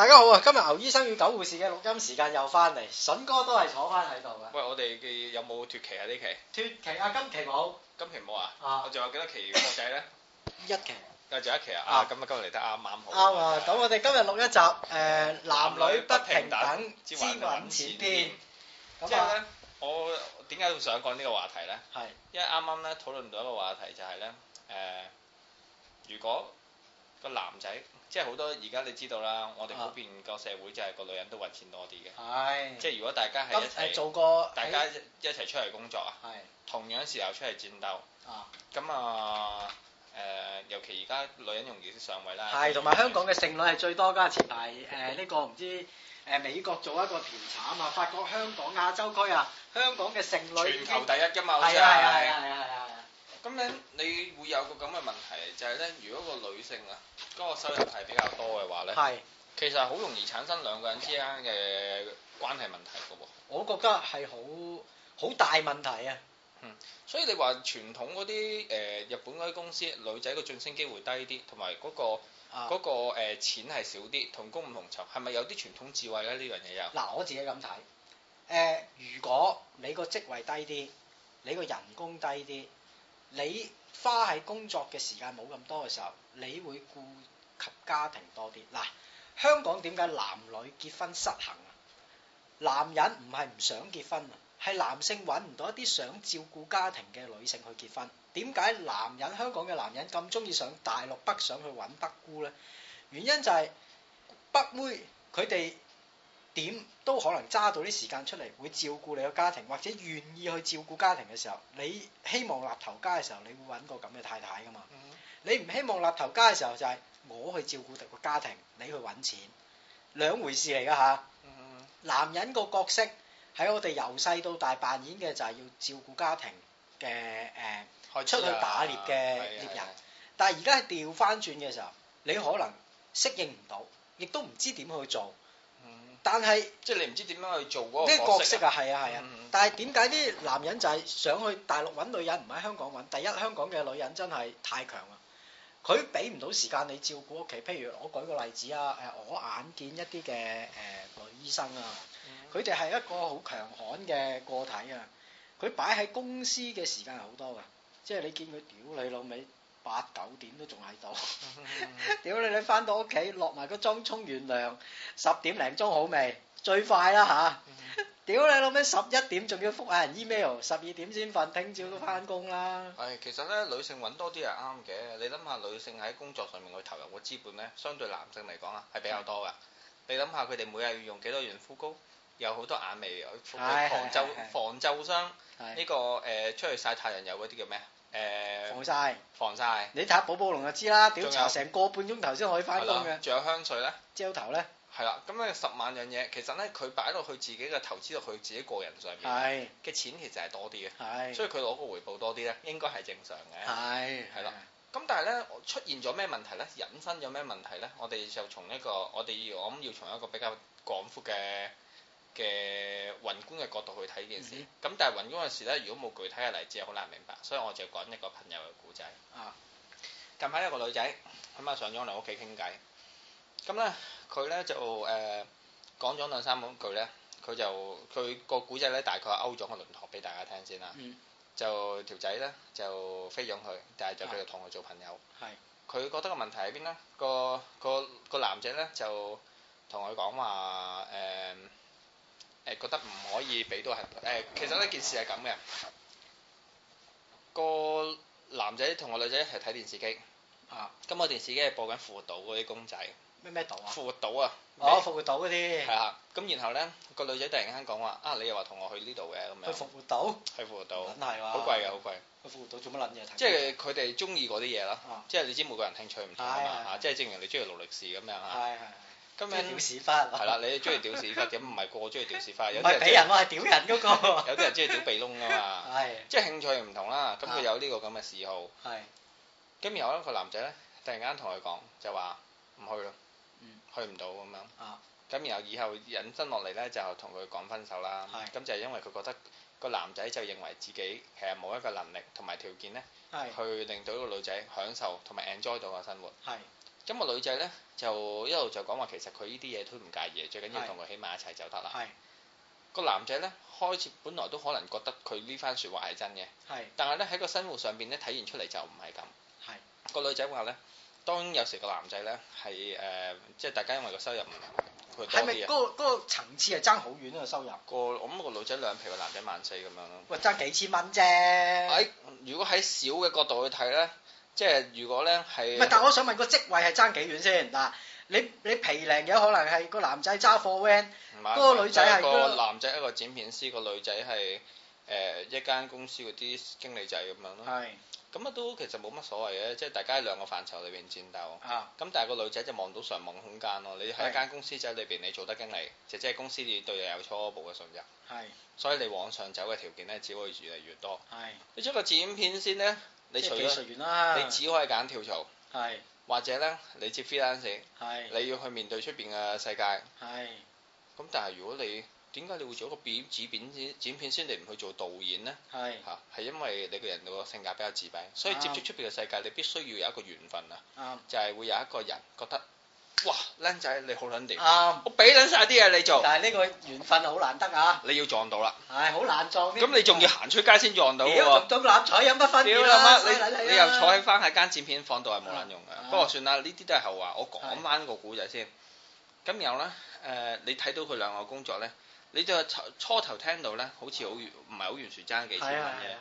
大家好啊！今日牛醫生與狗護士嘅錄音時間又翻嚟，笋哥都係坐翻喺度嘅。喂，我哋嘅有冇脱期啊？呢期脱期啊！今期冇。今期冇啊？啊。我仲有幾多期課仔咧？一期。啊，繼續一期啊！啊，咁啊，今日嚟得啱啱好。啱啊！咁我哋今日錄一集誒，男女不平等之揾錢篇。即係咧，我點解會想講呢個話題咧？係。因為啱啱咧討論到一個話題，就係咧誒，如果個男仔。即係好多而家你知道啦，我哋嗰邊個社會就係個女人都搵錢多啲嘅，是即係如果大家係一齊做個大家一一齊出嚟工作啊，是同樣時候出嚟戰鬥啊，咁啊誒、呃，尤其而家女人容易上位啦，係同埋香港嘅剩女係最多㗎、啊，前排誒呢個唔知誒、呃、美國做一個調查啊嘛，發覺香港亞洲區啊，香港嘅剩女全球第一㗎嘛，係啊係啊係啊。咁咧，你會有個咁嘅問題，就係、是、咧，如果個女性啊，嗰、嗰個收入係比較多嘅話咧，係是其實好容易產生兩個人之間嘅關係問題㗎喎。我覺得係好好大問題啊、嗯！所以你話傳統嗰啲誒日本嗰啲公司，女仔個晉升機會低啲，同埋嗰個嗰、啊嗰個誒、呃、錢係少啲，同工唔同酬，係咪有啲傳統智慧咧？呢樣嘢有嗱，我自己咁睇、呃、如果你個職位低啲，你個人工低啲。你花喺工作嘅時間冇咁多嘅時候，你會顧及家庭多啲。嗱，香港點解男女結婚失衡啊？男人唔係唔想結婚啊，係男性揾唔到一啲想照顧家庭嘅女性去結婚。點解男人香港嘅男人咁中意上大陸北上去揾北姑呢？原因就係北妹佢哋，點都可能揸到啲時間出嚟，會照顧你個家庭，或者願意去照顧家庭嘅時候，你希望立頭家嘅時候，你會揾個咁嘅太太噶嘛？嗯、你唔希望立頭家嘅時候，就係、是、我去照顧個家庭，你去揾錢，兩回事嚟噶吓。嗯嗯、男人個角色喺我哋由細到大扮演嘅就係要照顧家庭嘅誒，呃、出去打獵嘅獵人。嗯、但係而家係調翻轉嘅時候，你可能適應唔到，亦都唔知點去做。但係即係你唔知點樣去做嗰個角色，角色啊，係啊係啊。但係點解啲男人就係想去大陸揾女人，唔喺香港揾？第一香港嘅女人真係太強啦，佢俾唔到時間你照顧屋企。譬如我舉個例子啊，誒我眼見一啲嘅誒女醫生啊，佢哋係一個好強悍嘅個體啊，佢擺喺公司嘅時間好多噶，即係你見佢屌你老味。八九點都仲喺度，屌你！你翻到屋企落埋個妝，沖完涼，十點零鐘好未？最快啦嚇！屌、啊、你，老咩十一點仲要覆下人 email，十二點先瞓，聽朝都翻工啦！係其實咧，女性揾多啲係啱嘅。你諗下，女性喺工作上面去投入嘅資本咧，相對男性嚟講啊，係比較多嘅。是的 你諗下，佢哋每日要用幾多潤膚膏，有好多眼眉防皺是的 防皺霜，呢是的、這個誒出去晒太陽油嗰啲叫咩？誒、呃、防曬，防曬，你睇下寶寶龍就知啦，屌搽成個半鐘頭先可以翻工嘅，仲有香水咧，朝頭咧，係啦，咁咧十萬樣嘢，其實咧佢擺落去自己嘅投資落去自己個人上面，係嘅的錢其實係多啲嘅，係的，所以佢攞個回報多啲咧，應該係正常嘅，係的，係啦的，咁但係咧出現咗咩問題咧，引申咗咩問題咧，我哋就從一個我哋我諗要從一個比較廣闊嘅嘅宏觀嘅角度去睇呢件事咁，但係宏觀嘅事咧，如果冇具體嘅例子，好難明白，所以我就講一個朋友嘅古仔啊。近排有個女仔咁啊，上咗嚟我屋企傾偈咁咧，佢咧就誒講咗兩三兩句咧，佢就佢個古仔咧，大概勾咗個輪廓俾大家聽先啦。嗯，就條仔咧就飛咗佢，但係就佢就同佢做朋友。係佢覺得個問題喺邊咧？個個個男仔咧就同佢講話誒。誒，覺得唔可以俾到係，誒，其實呢件事係咁嘅，個男仔同個女仔一齊睇電視機，啊，咁個電視機係播緊復活島嗰啲公仔，咩咩島啊？復活島啊，哦，復活島嗰啲，係啊，咁然後咧，個女仔突然間講話，啊，你又話同我去呢度嘅，咁樣，去復活島？去復活島，梗係好貴嘅，好貴。去復活島做乜撚嘢？即係佢哋中意嗰啲嘢咯，即係你知每個人興趣唔同啊嘛，即係證明你中意勞力士咁樣啊。今日屌屎忽，係啦，你中意屌屎忽，咁唔係個個中意屌屎忽，有啲人，唔係俾人，我係屌人嗰個。有啲人中意屌鼻窿啊嘛，係，即係興趣唔同啦。咁佢有呢個咁嘅嗜好，係。咁然後咧，個男仔咧，突然間同佢講就話唔去咯，去唔到咁樣，啊。咁然後以後引申落嚟咧，就同佢講分手啦，係。咁就係因為佢覺得個男仔就認為自己其實冇一個能力同埋條件咧，係，去令到一個女仔享受同埋 enjoy 到個生活，係。咁個女仔咧就一路就講話，其實佢呢啲嘢都唔介意，最緊要同佢起碼一齊就得啦。係是。個男仔咧開始，本來都可能覺得佢是呢番説話係真嘅。係。但係咧喺個生活上邊咧體現出嚟就唔係咁。係是。個女仔話咧，當有時個男仔咧係誒，即係大家因為個收入唔，佢係咪嗰個嗰、嗰個層次係爭好遠啊？收入，個我諗個女仔兩皮，個男仔萬四咁樣咯。喂，爭幾千蚊啫。喺、哎、如果喺少嘅角度去睇咧。即係如果咧係，唔係？但係我想問個職位係爭幾遠先？嗱，你你皮零嘅可能係個男仔揸貨 van，嗰個女仔係個男仔一個剪片師，個女仔係誒一間公司嗰啲經理仔咁樣咯。係。咁啊都其實冇乜所謂嘅，即係大家喺兩個範疇裏邊戰鬥。嚇。咁但係個女仔就望到上網空間咯。你喺一間公司仔裏邊，你做得經理，就即係公司要對你有初步嘅信任。係。所以你往上走嘅條件咧，只會越嚟越多。係。你將個剪片先咧。你除咗你只可以揀跳槽，係是或者咧你接 freelancer，是你要去面對出邊嘅世界，係咁，是但係如果你點解你會做一個剪剪剪剪片先，你唔去做導演咧？係嚇，係因為你個人個性格比較自閉，所以接觸出邊嘅世界，你必須要有一個緣分啊，是就係會有一個人覺得。哇，靚仔你好撚掂！啱，我俾撚晒啲嘢你做。但係呢個緣分好難得啊！你要撞到啦。係，好難撞。咁你仲要行出街先撞到喎。咁多攬彩有乜分別？你你又坐喺翻喺間剪片房度係冇撚用嘅。不過算啦，呢啲都係後話，我講翻個古仔先。咁然後咧，誒，你睇到佢兩個工作咧，你就初初頭聽到咧，好似好唔係好完全爭幾錢嘅。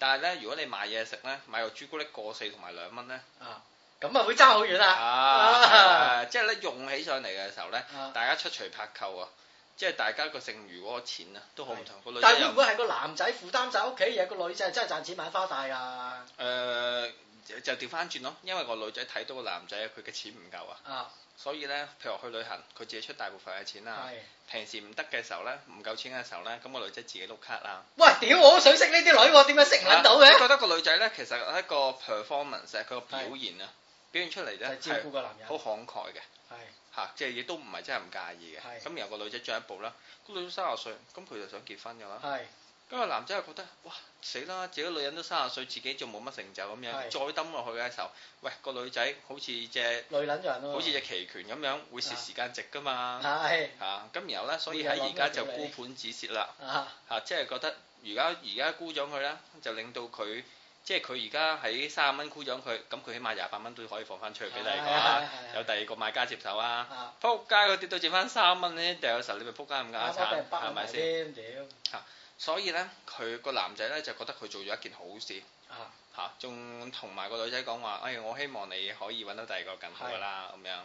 但係咧，如果你買嘢食咧，買個朱古力過四同埋兩蚊咧。啊。咁啊，會爭好遠啊！即係咧，用起上嚟嘅時候咧，啊、大家出除拍扣啊，即係大家剩餘的個剩餘嗰個錢啊，都好唔同個女。但係會唔會係個男仔負擔晒屋企嘢，個女仔真係賺錢買花戴啊？誒，就調翻轉咯，因為個女仔睇到個男仔佢嘅錢唔夠啊，所以咧，譬如去旅行，佢自己出大部分嘅錢啦。的平時唔得嘅時候咧，唔夠錢嘅時候咧，咁、那個女仔自己碌卡啊。喂，屌！我好想識呢啲女，我點解識唔到嘅？覺得個女仔咧，其實一個 performance，佢個表現啊。表現出嚟咧係照顧個男人，好慷慨嘅，係嚇，即係亦都唔係真係唔介意嘅。咁然後個女仔進一步啦，估到三十歲，咁佢就想結婚嘅啦。係，咁個男仔又覺得，哇死啦！自己女人都三十歲，自己仲冇乜成就咁樣，再掟落去嘅時候，喂個女仔好似隻女人，好似隻期權咁樣，會蝕時間值㗎嘛。係嚇，咁然後咧，所以喺而家就沽盤止蝕啦。嚇即係覺得而家而家沽咗佢咧，就令到佢。即係佢而家喺卅蚊箍住佢，咁佢起碼廿八蚊都可以放翻出去俾你嘅，哎、呀有第二個買家接手啊！撲街跌到剩翻三蚊呢，但有時候你咪撲街咁啱賺，係咪先？嚇！所以呢，佢個男仔呢就覺得佢做咗一件好事。嚇仲同埋個女仔講話，哎，我希望你可以揾到第二個更好嘅啦，咁的樣。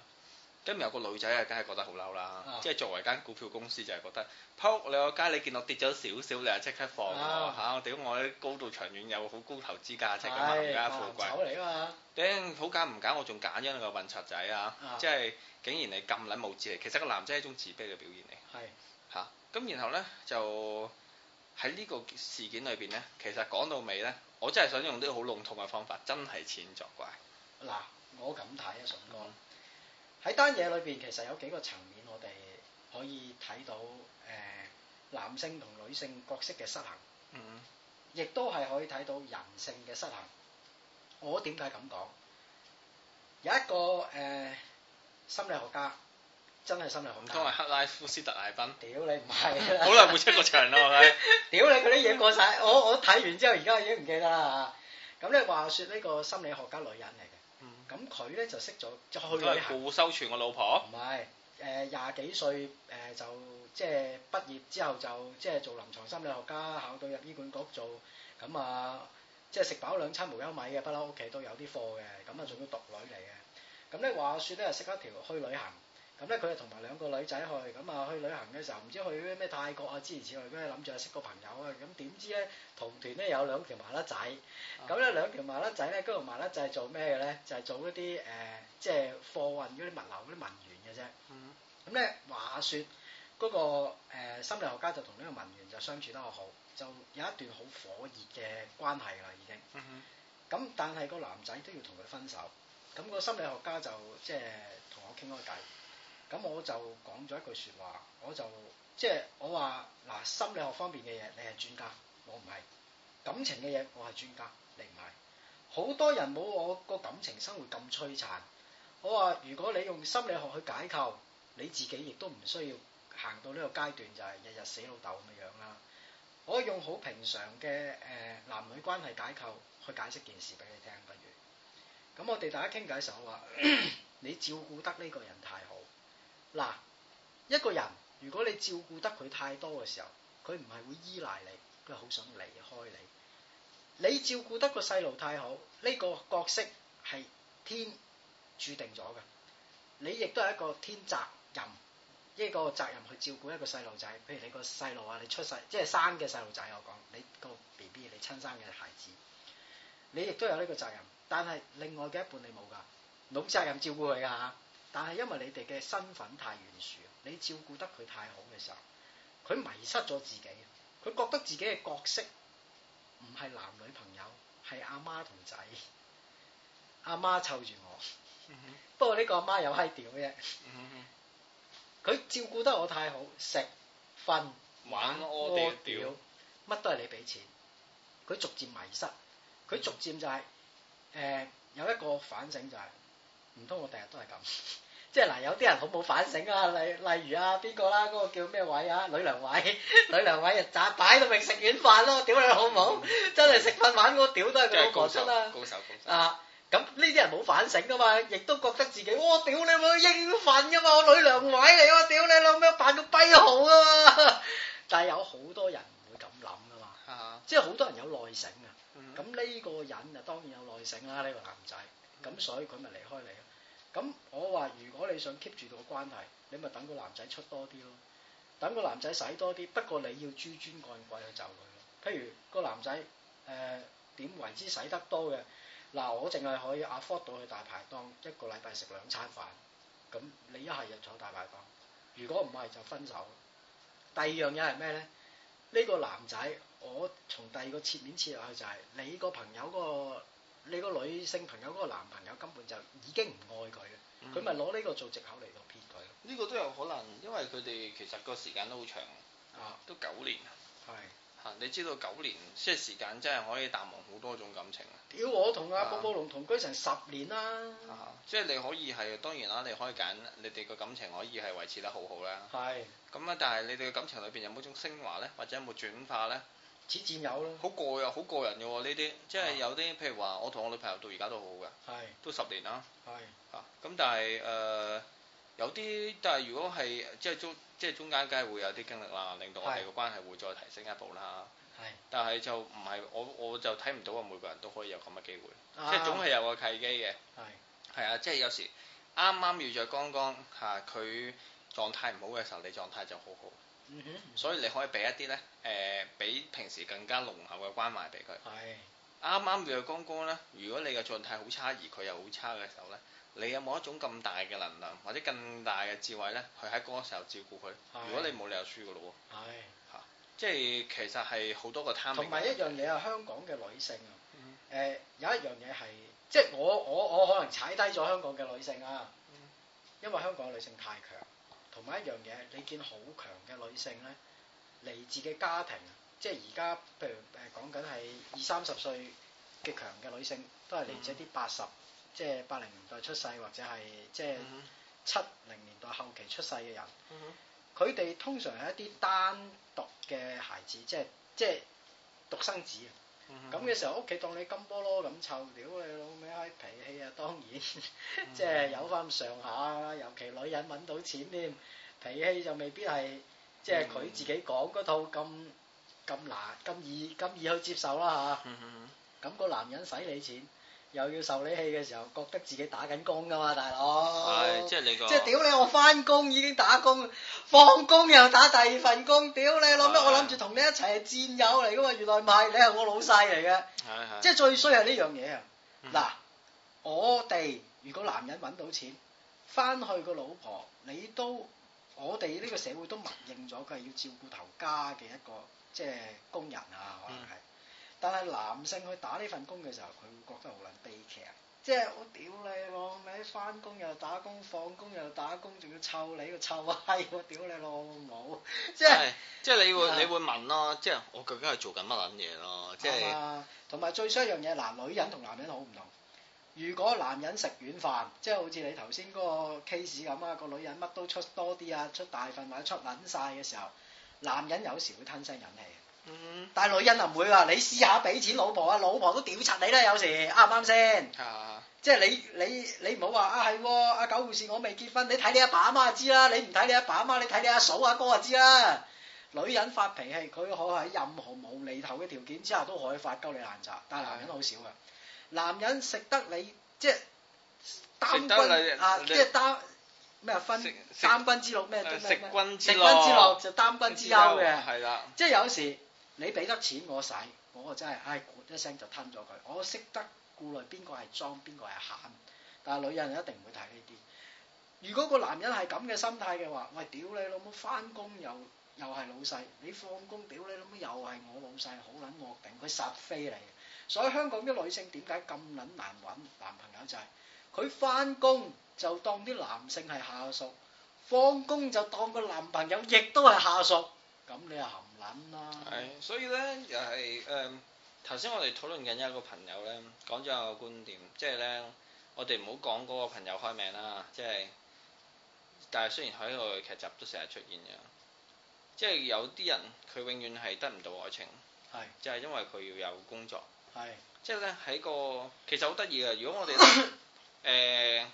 今日有個女仔啊，梗係覺得好嬲啦！即係作為間股票公司，就係覺得，僕、啊、你個街你見我跌咗少少，你啊即刻放我嚇！屌、啊啊、我啲高度長遠有好高投資價值噶嘛，而家富貴嚟啊嘛！頂好揀唔揀，我仲揀咗你個運賊仔啊！啊即係竟然你咁撚無恥，其實個男仔係一種自卑嘅表現嚟。係嚇咁，然後咧就喺呢個事件裏邊咧，其實講到尾咧，我真係想用啲好籠統嘅方法，真係錢作怪。嗱，我咁睇啊，順哥。喺單嘢裏邊，其實有幾個層面，我哋可以睇到誒男性同女性角色嘅失衡，嗯，亦都係可以睇到人性嘅失衡。我點解咁講？有一個誒心理學家，真係心理學家，都係克拉夫斯特艾賓。屌你唔係啦！好耐冇出過場啦，我係。屌你，佢啲嘢過曬，我我睇完之後，而家已經唔記得啦嚇。咁你，話說呢個心理學家女人嚟。咁佢咧就識咗就係、去旅行。都係顧收存個老婆。唔係，誒、呃、廿幾歲誒、呃、就即係畢業之後就即係做臨床心理學家，考到入醫管局做。咁啊，即係食飽兩餐無憂米嘅，不嬲屋企都有啲貨嘅。咁啊，仲要獨女嚟嘅。咁咧話說咧，識一條去旅行。咁咧，佢啊同埋兩個女仔去，咁啊去旅行嘅時候，唔知去嗰啲咩泰國啊，諸如此類嗰啲，諗住啊識個朋友啊，咁點知咧同團咧有兩條麻甩仔，咁咧、uh huh. 兩條麻甩仔咧，嗰條麻甩仔係做咩嘅咧？就係、是、做一啲誒，即、呃、係、就是、貨運嗰啲物流嗰啲文員嘅啫。咁咧、uh huh. 話説，嗰個心理學家就同呢個文員就相處得好，就有一段好火熱嘅關係啦，已經。咁但係個男仔都要同佢分手，咁個心理學家就即係同我傾開偈。咁我就講咗一句說話，我就即係我話嗱，心理學方面嘅嘢你係專家，我唔係感情嘅嘢我係專家，你唔係好多人冇我個感情生活咁摧殘。我話如果你用心理學去解構你自己，亦都唔需要行到呢個階段，就係日日死老豆咁樣樣啦。可以用好平常嘅誒男女關係解構去解釋件事俾你聽，不如咁？我哋大家傾偈時候話你照顧得呢個人太好。嗱，一個人如果你照顧得佢太多嘅時候，佢唔係會依賴你，佢好想離開你。你照顧得個細路太好，呢個角色係天注定咗嘅。你亦都係一個天責任，一個責任去照顧一個細路仔。譬如你個細路啊，你出世即係生嘅細路仔，我講你個 BB，你親生嘅孩子，你亦都有呢個責任。但係另外嘅一半你冇噶，冇責任照顧佢噶嚇。但係因為你哋嘅身份太懸殊，你照顧得佢太好嘅時候，佢迷失咗自己，佢覺得自己嘅角色唔係男女朋友，係阿媽同仔，阿媽湊住我，嗯、哼不過呢個阿媽又閪屌嘅，佢、嗯、哼照顧得我太好，食、瞓、玩、屙、屌，乜都係你俾錢，佢逐漸迷失，佢逐漸就係、是，誒、呃、有一個反省就係、是，唔通我第日都係咁？即係嗱，有啲人好冇反省啊！例例如啊，邊個啦？嗰、那個叫咩位啊？呂良偉，呂良偉日渣擺到明食軟飯咯、啊！屌你好唔好？嗯、真係食飯玩嗰屌都係佢老婆出、啊、啦！高手高手啊！咁呢啲人冇反省噶、啊、嘛，亦都覺得自己我屌你冇應份噶嘛，我呂良偉嚟，我屌你老味扮個跛豪啊！但係有好多人唔會咁諗噶嘛，即係好多人有耐性啊！咁呢個人啊當然有耐性啦、啊，呢、這個男仔，咁所以佢咪離開你。咁我話如果你想 keep 住個關係，你咪等個男仔出多啲咯，等個男仔使多啲，不過你要珠尊貴貴去就佢咯。譬如個男仔誒，點為之使得多嘅？嗱，我淨係可以 afford 到去大排檔一個禮拜食兩餐飯，咁你一係就坐大排檔，如果唔係就分手。第二樣嘢係咩咧？呢個男仔，我從第二個切面切入去就係你個朋友嗰個。你個女性朋友嗰個男朋友根本就已經唔愛佢嘅，佢咪攞呢個做藉口嚟到騙佢？呢個都有可能，因為佢哋其實個時間都好長，啊，都九年啊，係是你知道九年即係時間真係可以淡忘好多種感情啊！屌是，我同阿寶寶龍同居成十年啦，即係你可以係當然啦，你可以揀你哋個感情可以係維持得好好啦，係咁啊，但係你哋嘅感情裏邊有冇種升華咧，或者有冇轉化咧？似戰友咯，好過人好過人嘅呢啲，即係有啲、啊、譬如話，我同我女朋友到而家都好好嘅，係是的 都十年啦，係咁但係誒有啲，但係、呃、如果係即係中即係中間梗係會有啲經歷啦，令到我哋嘅關係會再提升一步啦，係是的，但係就唔係我我就睇唔到啊，每個人都可以有咁嘅機會，即係總係有個契機嘅，係係啊，即係有時啱啱遇着剛剛嚇佢狀態唔好嘅時候，你狀態就好好。所以你可以俾一啲咧，誒、呃，比平時更加濃厚嘅關懷俾佢。係。啱啱又剛剛咧，如果你嘅狀態好差，而佢又好差嘅時候咧，你有冇一種咁大嘅能量，或者更大嘅智慧咧，去喺嗰個時候照顧佢？係。如果你冇理由輸嘅咯喎。係。即係其實係好多個貪。同埋一樣嘢啊，香港嘅女性啊，誒、嗯呃，有一樣嘢係，即係我我我可能踩低咗香港嘅女性啊，因為香港女性太強。同埋一樣嘢，你見好強嘅女性咧，嚟自嘅家庭，即係而家譬如誒講緊係二三十歲極強嘅女性，都係嚟自一啲八十，即係八零年代出世或者係即係七零年代後期出世嘅人。佢哋、嗯、哼通常係一啲單獨嘅孩子，即係即係獨生子。咁嘅、嗯、時候，屋企當你金菠蘿咁，臭屌你老味閪脾氣啊！當然，即係、嗯、哼 有翻上下，尤其女人揾到錢添，脾氣就未必係即係佢自己講嗰套咁咁、嗯、哼難咁易咁易去接受啦嚇。咁、嗯、哼個男人使你錢，又要受你氣嘅時候，覺得自己打緊工噶嘛，大佬。係，即係你即係屌你！我翻工已經打工，放工又打第二份工，屌你！諗咩？我諗住同你一齊係戰友嚟噶嘛，原來唔係，你係我老細嚟嘅。係係。即係最衰係呢樣嘢啊！嗱、嗯，我哋如果男人揾到錢，翻去個老婆，你都我哋呢個社會都默認咗，佢係要照顧頭家嘅一個即係工人啊，可能係。嗯但係男性去打呢份工嘅時候，佢會覺得好撚悲劇，即係我屌你老味，返工又打工，放工又打工，仲要湊你個臭閪，我屌你老母！即係即係你會是你會問咯、啊，即係我究竟係做緊乜撚嘢咯？即係同埋最衰一樣嘢，嗱、呃，女人同男人好唔同。如果男人食軟飯，即係好似你頭先嗰個 case 咁啊，個女人乜都出多啲啊，出大份或者出撚晒嘅時候，男人有時會吞聲忍氣。嗯，但係女人啊唔會噶，你試下俾錢老婆啊，老婆都屌柒你啦，有時啱唔啱先？啊，即係你你你唔好話啊係阿狗護士，我未結婚，你睇你阿爸阿媽就知啦，你唔睇你阿爸阿媽，你睇你阿嫂阿哥就知啦。女人發脾氣，佢可以喺任何無厘頭嘅條件之下都可以發鳩你爛賊爛渣，但係男人好少噶。男人食得你即係擔軍擔君啊，即係擔咩分三分之六咩？食軍之六食君之祿，就擔軍之憂擔君之憂嘅，係啦，即係有時。你俾得錢我使，我真係唉，咕一聲就吞咗佢。我識得顧慮邊個係裝，邊個係慳。但係女人一定唔會睇呢啲。如果個男人係咁嘅心態嘅話，我係屌你老母！翻工又又係老細，你放工屌你老母又係我老細，好撚惡頂，佢殺飛你。所以香港啲女性點解咁撚難揾男朋友就係佢翻工就當啲男性係下屬，放工就當個男朋友亦都係下屬，咁你又行？係，所以咧，又係誒，頭先我哋討論緊一個朋友咧，講咗有個觀點，即係咧，我哋唔好講個朋友開名啦，即係，但係雖然喺個劇集都成日出現嘅，即係有啲人佢永遠係得唔到愛情，係，就係因為佢要有工作，係，即係咧喺個其實好得意啊，如果我哋誒，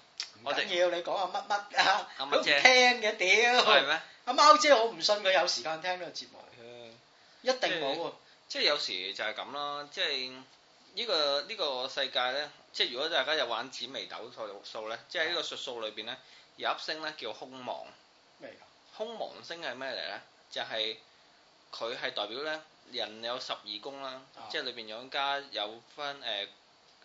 我哋要你講下乜乜啊，都唔聽嘅，屌，係咩？阿貓姐，我唔信佢有時間聽呢個節目。一定冇喎，即係有時就係咁啦，即係、這、呢個呢、這個世界呢，即係如果大家有玩紫微斗數呢，即係呢個術數裏邊呢，有粒星呢叫空亡。空亡麼星係咩嚟呢？就係佢係代表呢，人有十二宮啦，啊、即係裏邊有加有分誒、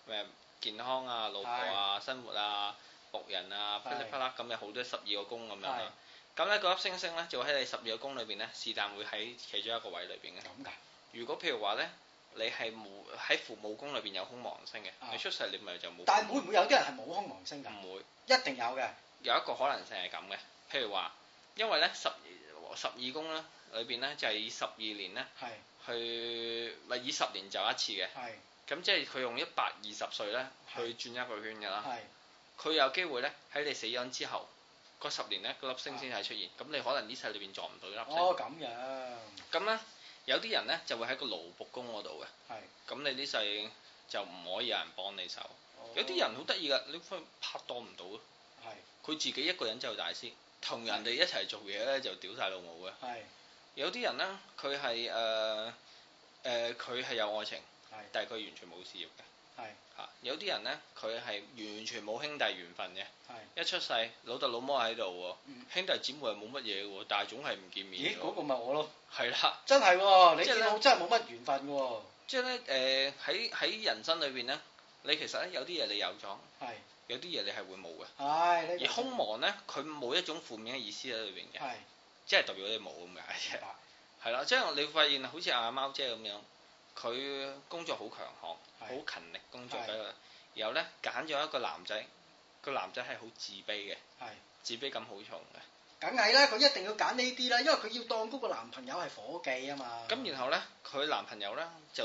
呃、健康啊、老婆啊、是的 生活啊、僕人啊，噼里啪啦咁有好多十二個宮咁樣。是的 咁咧嗰粒星星咧就喺你十二個宮裏邊咧，是但會喺其中一個位裏邊嘅。咁㗎？如果譬如話咧，你係冇喺父母宮裏邊有空亡星嘅，啊、你出世你咪就冇。但係會唔會有啲人係冇空亡星㗎？唔會，一定有嘅。有一個可能性係咁嘅，譬如話，因為咧十二十二宮咧裏邊咧就係、是、以十二年咧，係的去咪以十年就一次嘅。係的。咁即係佢用一百二十歲咧去轉一個圈嘅啦。係的。佢的有機會咧喺你死咗之後。嗰十年呢，嗰粒星先係出現，咁的你可能呢世裏邊撞唔到嗰粒星。哦，咁樣。咁呢，有啲人呢，就會喺個勞僕宮嗰度嘅。係的。咁你呢世就唔可以有人幫你手。哦、有啲人好得意噶，你分拍檔到唔到咯。佢的自己一個人就大師，同人哋一齊做嘢呢，就屌晒老母嘅。係的。有啲人呢，佢係誒誒，佢、呃、係、呃、有愛情，的但係佢完全冇事業嘅。係。有啲人咧，佢係完全冇兄弟緣分嘅，的一出世老豆老母喺度，嗯、兄弟姊妹又冇乜嘢嘅，但係總係唔見面。咦，嗰、那個咪我咯，係啦的，真係、哦，你真係冇乜緣分嘅。即係咧，誒喺喺人生裏邊咧，你其實咧有啲嘢你有咗，的有啲嘢你係會冇嘅。唉，而空亡咧，佢冇一種負面嘅意思喺裏邊嘅，的即係代表你冇咁解嘅，係啦，即係你發現好似阿貓姐咁樣，佢工作好強項。好勤力工作嘅，是的 然後咧，揀咗一個男仔，個男仔係好自卑嘅，是的 自卑感好重嘅。梗係啦，佢一定要揀呢啲啦，因為佢要當嗰個男朋友係伙計啊嘛。咁然後咧，佢男朋友咧就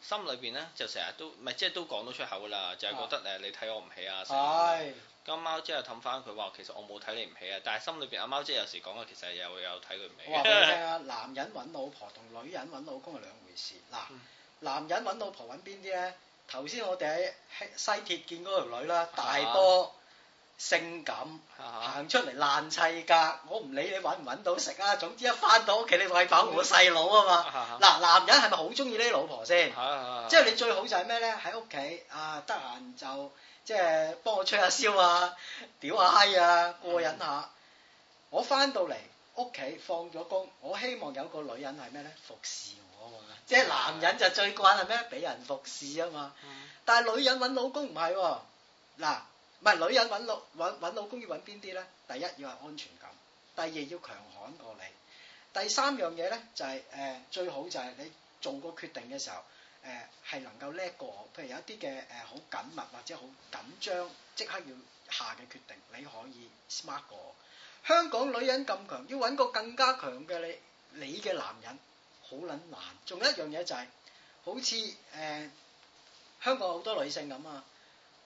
心裏邊咧就成日都唔係即係都講到出口啦，就係、是、覺得誒、啊、你睇我唔起啊。係。咁貓是的 姐又氹翻佢話，其實我冇睇你唔起啊，但係心裏邊阿貓姐有時講啊，其實又有睇佢唔起。我話俾你聽啊，男人揾老婆同女人揾老公係兩回事嗱。男人揾老婆揾邊啲咧？頭先我哋喺西鐵見嗰條女啦，啊、大波、性感，行、啊、出嚟爛砌㗎。我唔理你揾唔揾到食啊，總之一翻到屋企你餵飽我細佬啊嘛。嗱、啊啊，男人係咪好中意呢啲老婆先？啊啊、即係你最好就係咩咧？喺屋企啊，得閒就即係幫我吹下簫啊，屌下閪啊，過癮下。嗯、我翻到嚟屋企放咗工，我希望有個女人係咩咧？服侍我啊！即係男人就最慣係咩？俾人服侍啊嘛。但係女人揾老公唔係喎，嗱、啊，唔係女人揾老揾揾老公要揾邊啲咧？第一要係安全感，第二要強悍過你，第三樣嘢咧就係、是、誒、呃、最好就係你做個決定嘅時候誒係、呃、能夠叻過我，譬如有一啲嘅誒好緊密或者好緊張即刻要下嘅決定，你可以 smart 過我。香港女人咁強，要揾個更加強嘅你你嘅男人。好撚難，仲有一樣嘢就係、是，好似誒、呃、香港好多女性咁啊，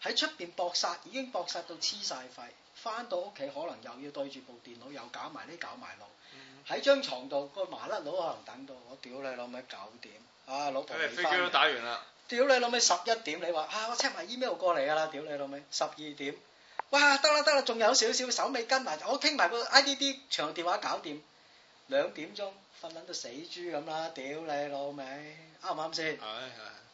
喺出邊搏殺已經搏殺到黐晒肺，翻到屋企可能又要對住部電腦又搞埋呢搞埋嗰，喺張、嗯嗯、床度、個麻甩佬可能等到我屌你老味九點，啊老婆未翻。飛機都打完啦、啊。屌你老味十一點，你話啊我 check 埋 email 過嚟㗎啦，屌你老味十二點，哇得啦得啦，仲有少少手尾跟埋，我傾埋個 IDD 長電話搞掂。兩點鐘瞓捻到死豬咁啦，屌你老味，啱唔啱先？係係。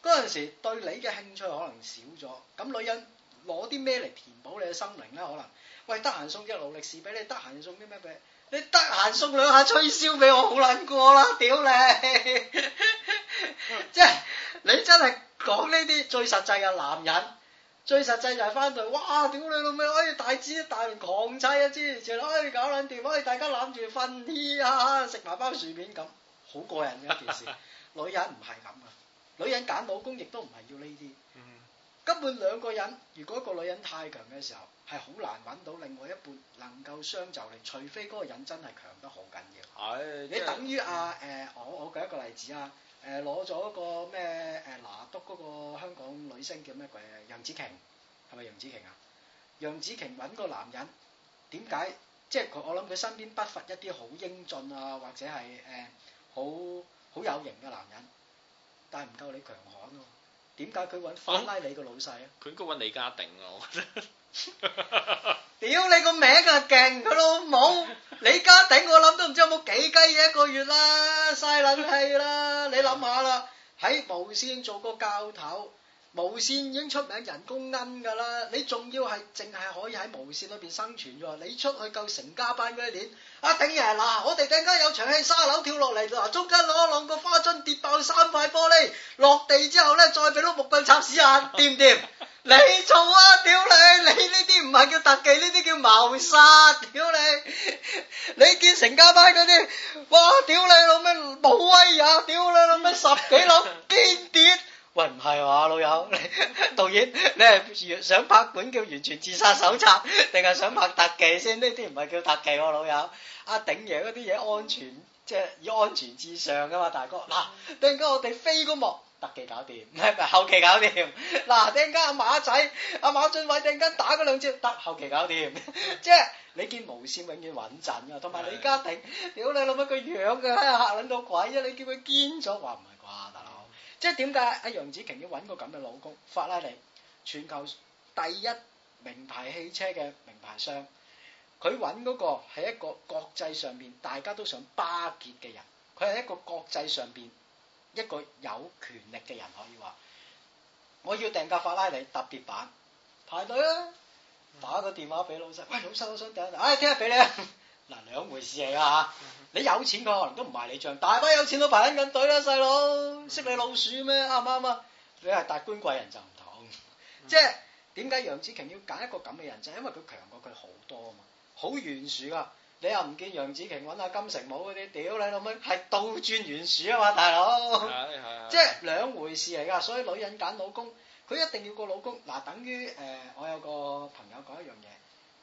嗰陣時對你嘅興趣可能少咗，咁女人攞啲咩嚟填補你嘅心靈咧？可能喂，得閒送隻勞力士俾你，得閒送啲咩俾你，得閒送兩下吹簫俾我，好難過啦，屌你！即係你真係講呢啲最實際嘅男人。最實際就係返到，哇！屌你老味，可、哎、以大支大亂狂砌一支，成可以搞捻掂，以、哎、大家攬住瞓，依下食埋包薯片咁，好過癮嘅一件事。 女人唔係咁啊，女人揀老公亦都唔係要呢啲。嗯。根本兩個人，如果個女人太強嘅時候，係好難揾到另外一半能夠相就嚟，除非嗰個人真係強得好緊要。係、哎。你、就是、等於啊，誒、呃，我我舉一個例子啊。誒，攞咗個咩誒、拿督嗰個香港女星叫咩鬼是是啊？楊紫瓊係咪楊紫瓊啊？楊紫瓊揾個男人點解？即係佢我諗佢身邊不乏一啲好英俊啊，或者係誒、嗯、好好有型嘅男人，但係唔夠你強悍喎、啊。點解佢揾法拉利嘅老細啊？佢、啊、應該揾李嘉定咯。屌你個名啊，勁佢老母！你家頂我諗都唔知有冇幾雞嘅一個月啦，嘥卵氣啦！你諗下啦，喺無線做個教頭，無線已經出名人工奀噶啦，你仲要係淨係可以喺無線裏邊生存啫？你出去夠成家班嗰一年啊！頂爺嗱，我哋更加有場戲，沙樓跳落嚟，嗱中間攞一浪個花樽跌爆三塊玻璃，落地之後咧再俾碌木棍插屎眼，掂唔掂？你做啊，屌你！你呢啲唔係叫特技，呢啲叫謀殺，屌你！你見成家班嗰啲，哇，屌你老咩冇威啊！屌你老咩十幾樓見跌？經典 喂唔係話老友， 導演，你係想拍本叫完全自殺手冊，定係想拍特技先？呢啲唔係叫特技喎，啊，老友。阿頂爺嗰啲嘢安全，即、就、係、是、以安全至上噶嘛，大哥。嗱、啊，突然間我哋飛個幕。得嘅搞掂，唔係後期搞掂。嗱，突然間阿馬仔、阿馬俊偉突然間打嗰兩招，得後期搞掂。 即係你見無線永遠穩陣啊，同埋李嘉定，屌你老乜佢樣啊？吓、哎、捻到鬼啊！你叫佢堅咗話唔係啩大佬？即係點解阿楊紫瓊要搵個咁嘅老公，法拉利全球第一名牌汽車嘅名牌商？佢搵嗰個係一個國際上邊大家都想巴結嘅人，佢係一個國際上邊。一個有權力嘅人可以話，我要訂架法拉利特別版，排隊啦、啊，打個電話俾老細。喂，老細，我想訂，哎聽日俾你啊。嗱 兩回事嚟㗎嚇，你有錢嘅可能都唔賣你帳，大把有錢都排緊隊啦，細佬識你老鼠咩，啱唔啱啊？是是 你係達官貴人就唔同， 即係點解楊紫瓊要揀一個咁嘅人就係、是、因為佢強過佢好多啊嘛，好懸殊啊。你又唔見楊子晴搵阿金城武嗰啲，屌你老味，係倒轉懸殊啊嘛，大佬，即係兩回事嚟噶。所以女人揀老公，佢一定要個老公嗱，等於誒、呃，我有個朋友講一樣嘢，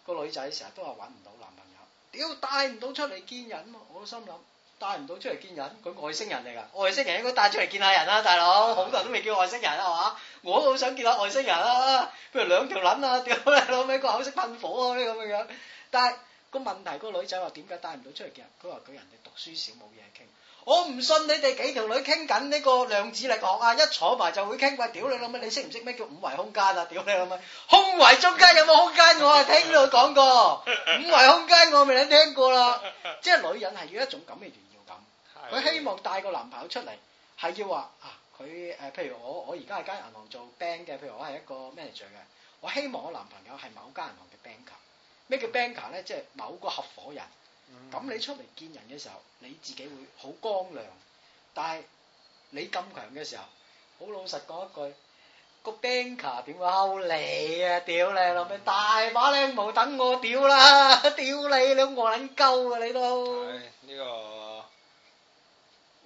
個女仔成日都話搵唔到男朋友，屌帶唔到出嚟見人，我心諗帶唔到出嚟見人，佢外星人嚟噶，外星人應該帶出嚟見下人啦、啊，大佬，好對多人都未叫外星人啊嘛，對我都好想見下外星人啊，不對如兩條捻啊，屌你老味個口識噴火啊，呢咁嘅樣，但係。個問題，個女仔話點解帶唔到出嚟嘅？佢話佢人哋讀書少，冇嘢傾。我唔信你哋幾條女傾緊呢個量子力學啊！一坐埋就會傾鬼。屌、啊、你老母，你識唔識咩叫五維空間啊？屌你老母，空維中間有冇空間？我係聽到佢講過，五維空間我未諗聽過啦。即係女人係要一種咁嘅炫耀感，佢希望帶個男朋友出嚟，係要話啊，佢誒、呃，譬如我我而家係間銀行做 bank 嘅，譬如我係一個 manager 嘅，我希望我男朋友係某間銀行嘅 banker, 咩叫 banker 咧？即係某個合夥人。咁、嗯、你出嚟見人嘅時候，你自己會好光亮。但係你咁強嘅時候，好老實講一句，個 banker 點會嬲你啊，屌你老味，嗯、大把靚模等我屌啦，屌你兩個撚鳩啊，你都。哎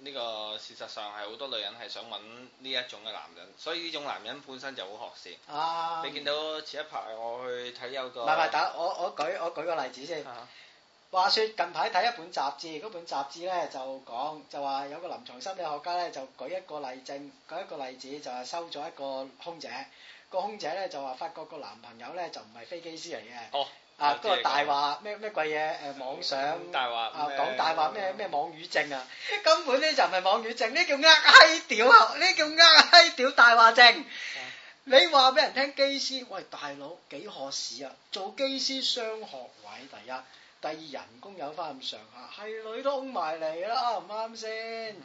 呢個事實上係好多女人係想揾呢一種嘅男人，所以呢種男人本身就好學舌。啊、你見到前，嗯、一排我去睇有個，唔係唔係，我我舉我舉個例子先。啊、話説近排睇一本雜誌，嗰本雜誌呢就講就話有個臨床心理學家呢就舉一個例證，舉一個例子就係收咗一個空姐，個空姐呢就話發覺個男朋友呢就唔係飛機師嚟嘅。哦啊！嗰個大話咩咩鬼嘢？誒妄想大話啊，麼啊，講大話咩咩妄語症啊？根本呢就唔係妄語症，呢叫呃閪屌，呢叫呃閪屌大話症。你話俾人聽機師，喂大佬幾可市啊？做機師商學位，第一，第二人工有翻咁上下，係女都埋嚟啦，啱唔啱先。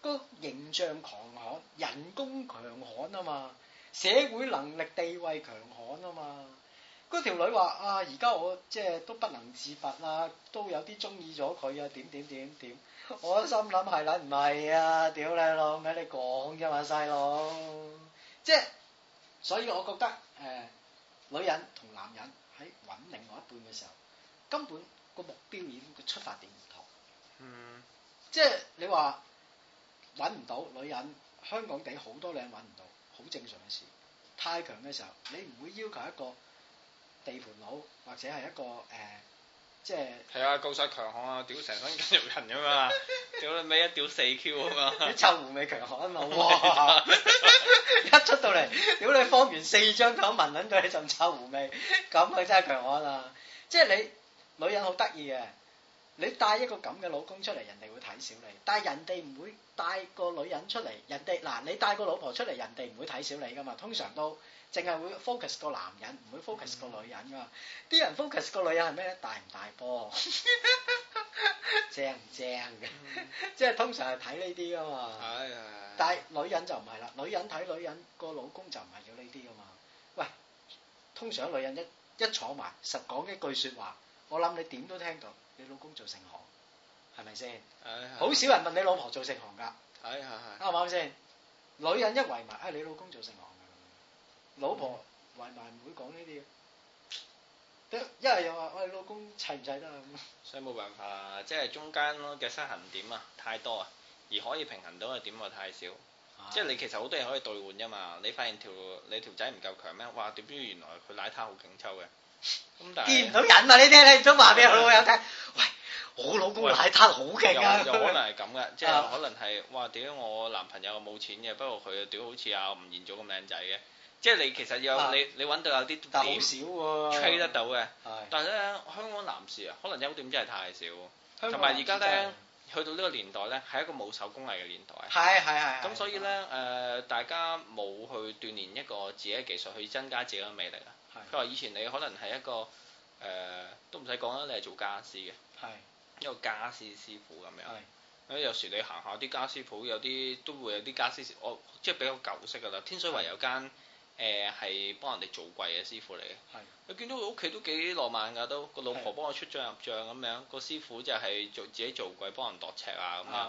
個形象強悍，人工強悍啊嘛，嘛，嘛，社會能力地位強悍啊嘛。嘛嘛嗰條女話啊，而家我即係都不能自拔啦，都有啲中意咗佢啊，點點點點， 我心諗係啦，唔係啊，屌你老，睇你講啫嘛，細佬。即係，所以我覺得誒、呃，女人同男人喺揾另外一半嘅時候，根本個目標已經嘅出發點唔同，嗯，即係你話揾唔到女人，香港地好多靚揾唔到，好正常嘅事，太強嘅時候，你唔會要求一個。地盤佬或者係一個誒、呃，即係係啊，夠晒強悍啊！屌成身肌肉人咁啊！屌 你尾一屌四 Q 啊嘛！臭狐味強悍啊嘛！哇！ 一出到嚟，屌你方圓四張九聞到你陣臭狐味，咁佢真係強悍啊！即係你女人好得意嘅。你帶一個咁嘅老公出嚟，人哋會睇小你。但係人哋唔會帶個女人出嚟，人哋嗱，你帶個老婆出嚟，人哋唔會睇小你噶嘛。通常都淨係會 focus 個男人，唔會 focus 個女人噶嘛。啲、嗯、人 focus 個女人係咩？大唔大波？ 正唔正嘅？即係、嗯、 通常係睇呢啲噶嘛。係係、哎哎哎。但係女人就唔係啦，女人睇女人個老公就唔係要呢啲噶嘛。喂，通常女人一一坐埋，實講一句説話。我諗你點都聽到，你老公做成行，係咪先？好、哎、呀少人問你老婆做成行噶，係係係。啱唔啱先？女人一圍埋係、哎、你老公做成行噶，老婆、嗯、圍埋唔會講呢啲嘅。一一係又話我哋老公砌唔砌得啊？所以冇辦法，即係中間嘅失衡點啊太多啊，而可以平衡到嘅點又太少。啊、即係你其實好多嘢可以兌換噶嘛？你發現條你條仔唔夠強咩？哇！點知原來佢奶他好勁抽嘅。咁但係見唔到人嘛？你聽你都話俾佢老友聽，喂，我老公奶攤好勁，有可能係咁嘅，即係可能係，哇屌！我男朋友冇錢嘅，不過佢啊屌，好似阿吳彥祖咁靚仔嘅，即係你其實有你你搵到有啲好少喎，吹得到嘅。但係咧，香港男士啊，可能優點真係太少，同埋而家咧，去到呢個年代咧，係一個冇手工藝嘅年代。係係係。咁所以咧，誒，大家冇去鍛煉一個自己嘅技術，去增加自己嘅魅力啊！佢話以前你可能係一個誒、呃，都唔使講啦，你係做家俬嘅，是一個家俬師傅咁樣。咁是、呃、有時你行下啲家俬鋪，有啲都會有啲家俬師，我即係、就是、比較舊式噶啦。天水圍有間誒係是、呃、幫人哋做櫃嘅師傅嚟嘅。係是，我見到佢屋企都幾浪漫㗎，都個老婆幫我出帳入帳咁樣，個師傅就係做自己做櫃幫人度尺啊咁樣。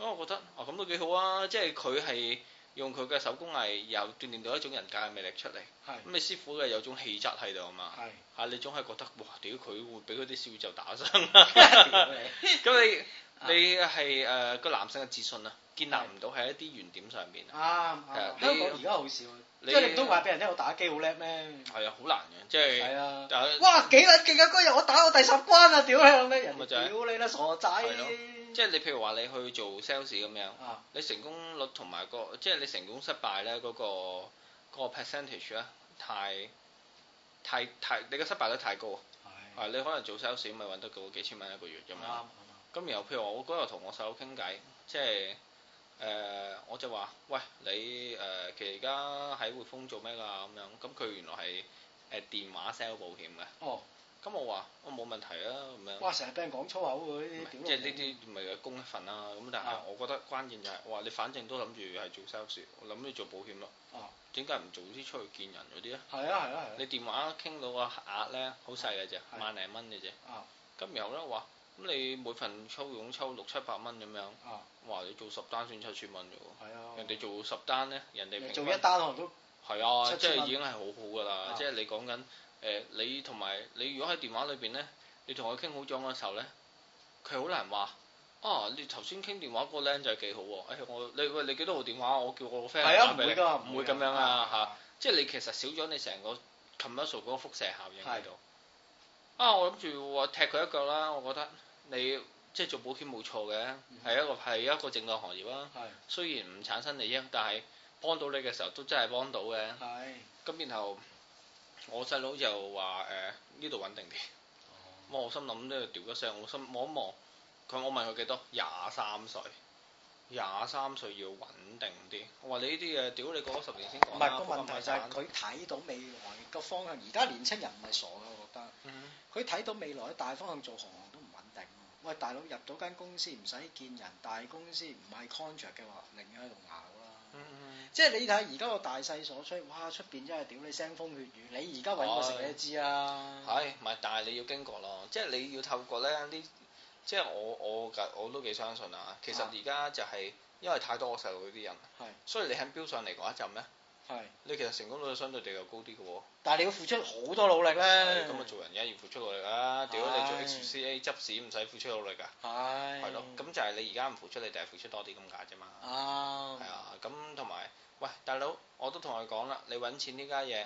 咁的、嗯、我覺得啊，咁都幾好啊，即係佢係。用佢嘅手工藝，又鍛鍊到一種人格嘅魅力出嚟。咁的，你、嗯、師傅嘅有種氣質喺度啊嘛。係嚇，你總係覺得哇，屌佢會俾嗰啲師傅就打傷咁 你的你係誒個男生嘅自信啊？建立唔到喺一啲原點上面。啊！啱，香港而家好少，因為你唔通話俾人聽我打機好叻咩？係啊，好難嘅，即係。係啊。哇！幾撚勁啊！嗰日我打到第十關啊！屌你咩人！屌你啦，傻仔！即係你譬如話你去做 sales 咁樣，你成功率同埋個即係你成功失敗咧嗰個 percentage 啊，太、太、太，你嘅失敗率太高。啊。你可能做 sales 咪揾得個幾千蚊一個月啫嘛。咁然後譬如話我嗰日同我細佬傾偈，即係。誒，我就話，喂，你誒，其實而家喺匯豐做咩㗎咁樣？咁佢原來係誒電話 sell 保險嘅。哦。咁我話，我冇問題啊咁樣。哇！成日俾人講粗口喎呢啲。即係呢啲唔係嘅工一份啦。咁但係我覺得關鍵就係，話，你反正都諗住係做 sales，我諗你做保險咯。哦。點解唔早啲出去見人嗰啲咧？係啊係啊係。你電話傾到個額咧，好細嘅啫，萬零蚊嘅啫。咁然後咧，我話，咁你每份抽傭抽六七百蚊咁樣。話你做十單先七千蚊啫喎，啊、人哋做十單咧，人哋做一單我都係啊，即係已經係好好噶啦。的即係你講緊誒，你同埋你如果喺電話裏邊咧，你同佢傾好咗嘅時候咧，佢好難話啊，你頭先傾電話嗰個僆仔幾好喎，哎，我你喂你幾多號電話？我叫我個 friend 打啊，打俾你。唔會唔會咁樣啊嚇！的啊即係你其實少咗你成個 commercial 嗰個輻射效應喺度。的的啊！我諗住我踢佢一腳啦，我覺得你。即係做保險冇錯嘅，係一個係一個正當行業啦。嗯、哼雖然唔產生利益，但係幫到你嘅時候都真係幫到嘅。咁是然後我細佬就話誒呢度穩定啲，我心諗度屌嗰聲，呃嗯、哼我心望一望佢，我問佢幾多？廿三歲，廿三歲要穩定啲。我話你呢啲嘢，屌你過咗十年先講。唔係個問題就係佢睇到未來個方向。而家年輕人唔係傻嘅，我覺得。佢睇、嗯、哼到未來大方向做行喂，大佬入到間公司唔使見人，大公司唔係 contract 嘅話，寧願喺度熬啦。嗯嗯、即係你睇下而家個大勢所趨，哇！出邊真係屌你腥風血雨，你而家揾個食你都知啦、啊。係，唔係？但係你要經過咯，即係你要透過呢啲，即係我我我，我都幾相信啊。其實而家就係、是啊、因為太多我細路嗰啲人，係是，所以你喺標上嚟講一陣咧。係，yes, 你其實成功率相對地較高啲嘅喎。但係你要付出好多努力咧。咁啊、哎，做人而家要付出努力啊！屌、哎哎、你做 X C A 執屎唔使付出努力㗎、啊。係、哎嘞。係咯，咁就係你而家唔付出，你就係付出多啲咁解啫嘛。啱。係啊，咁同埋，喂，大佬，我都同佢講啦，你揾錢呢家嘢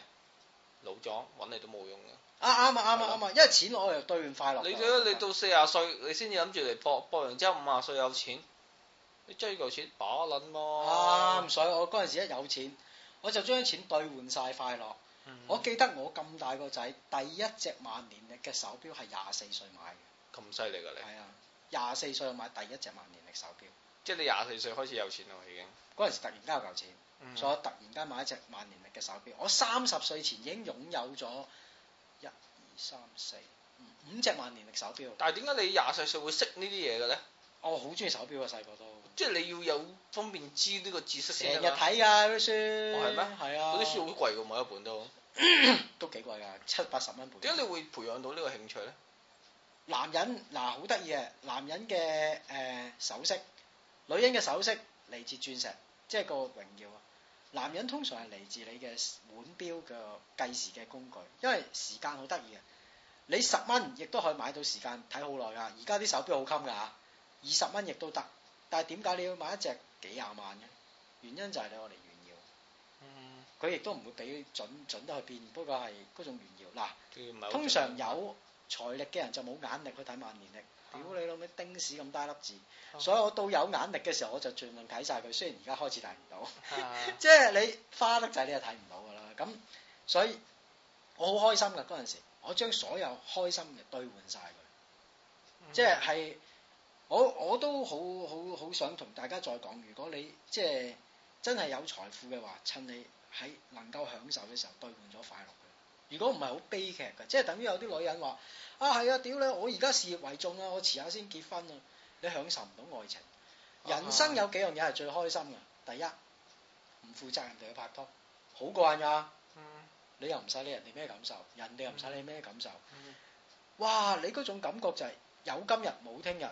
老咗揾你都冇用嘅。啱啊，啱啊，啱啊，啊啊啊了因為錢我又對換快樂。你咧，你到四啊歲，你先至諗住嚟搏搏完之後，五啊歲有錢，你追求錢把撚噃。啱、啊，所以我嗰陣時,時一有錢。我就將錢兌換晒快樂。Mm hmm. 我記得我咁大個仔第一隻萬年曆嘅手錶係廿四歲買嘅。咁犀利㗎你？係啊，廿四歲我買第一隻萬年曆手錶。即係你廿四歲開始有錢啦，已經。嗰陣時突然間有嚿錢，mm hmm. 所以我突然間買一隻萬年曆嘅手錶。我三十歲前已經擁有咗一、二、三、四、五隻萬年曆手錶。但係點解你廿四歲會識呢啲嘢嘅咧？我好中意手錶啊，細個都。即係你要有方便知呢個知識成日睇噶啲書，係咩、哦？係啊，嗰啲書好貴噶，買一本都咳咳都幾貴噶，七八十蚊本。點解你會培養到呢個興趣咧、啊？男人嗱好得意嘅，男人嘅誒首飾，女人嘅首飾嚟自鑽石，即係個榮耀。男人通常係嚟自你嘅腕錶嘅計時嘅工具，因為時間好得意嘅。你十蚊亦都可以買到時間睇好耐噶，而家啲手錶好襟噶嚇，二十蚊亦都得。但係點解你要買一隻幾廿萬嘅？原因就係你攞嚟炫耀。嗯。佢亦都唔會俾準準，準得去變，不過係嗰種炫耀。嗱，通常有財力嘅人就冇眼力去睇萬年曆，啊、屌你老母，丁屎咁大粒字。啊、所以我到有眼力嘅時候，我就盡量睇晒佢。雖然而家開始睇唔到。即係、啊、 你花得滯，你就睇唔到㗎啦。咁所以，我好開心㗎嗰陣時，我將所有開心嘅兌換晒佢。嗯嗯、即係係。我我都好好好想同大家再講，如果你即係真係有財富嘅話，趁你喺能夠享受嘅時候兌換咗快樂。如果唔係好悲劇嘅，即係等於有啲女人話，啊係啊，屌你、啊，我而家事業為重啊，我遲下先結婚啊，你享受唔到愛情。人生有幾樣嘢係最開心嘅，第一唔負責人哋去拍拖，好過癮噶。你又唔使理人哋咩感受，人哋又唔使理咩感受。嗯、哇，你嗰種感覺就係、是、有今日冇聽日。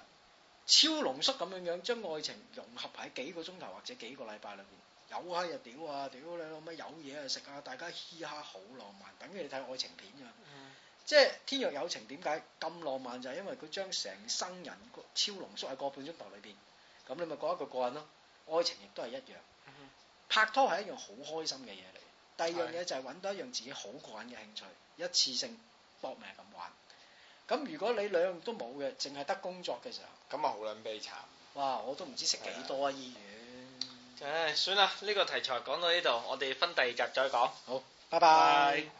超濃縮咁樣樣，將愛情融合喺幾個鐘頭或者幾個禮拜裏邊，有閪啊，屌啊，屌你老母有嘢啊食啊，大家嘻下好浪漫，等於你睇愛情片啫，嗯，即係天若有情，點解咁浪漫？就係因為佢將成生人超濃縮喺個半鐘頭裏邊，咁你咪過一個癮咯。愛情亦都係一樣，嗯，拍拖係一樣好開心嘅嘢嚟。第二樣嘢就係搵到一樣自己好過癮嘅興趣，的一次性搏命咁玩。咁如果你兩樣都冇嘅，淨係得工作嘅時候，咁啊好撚悲慘。哇！我都唔知食幾多啊醫院。唉的，的算啦，呢、呢個題材講到呢度，我哋分第二集再講。好，拜拜 bye。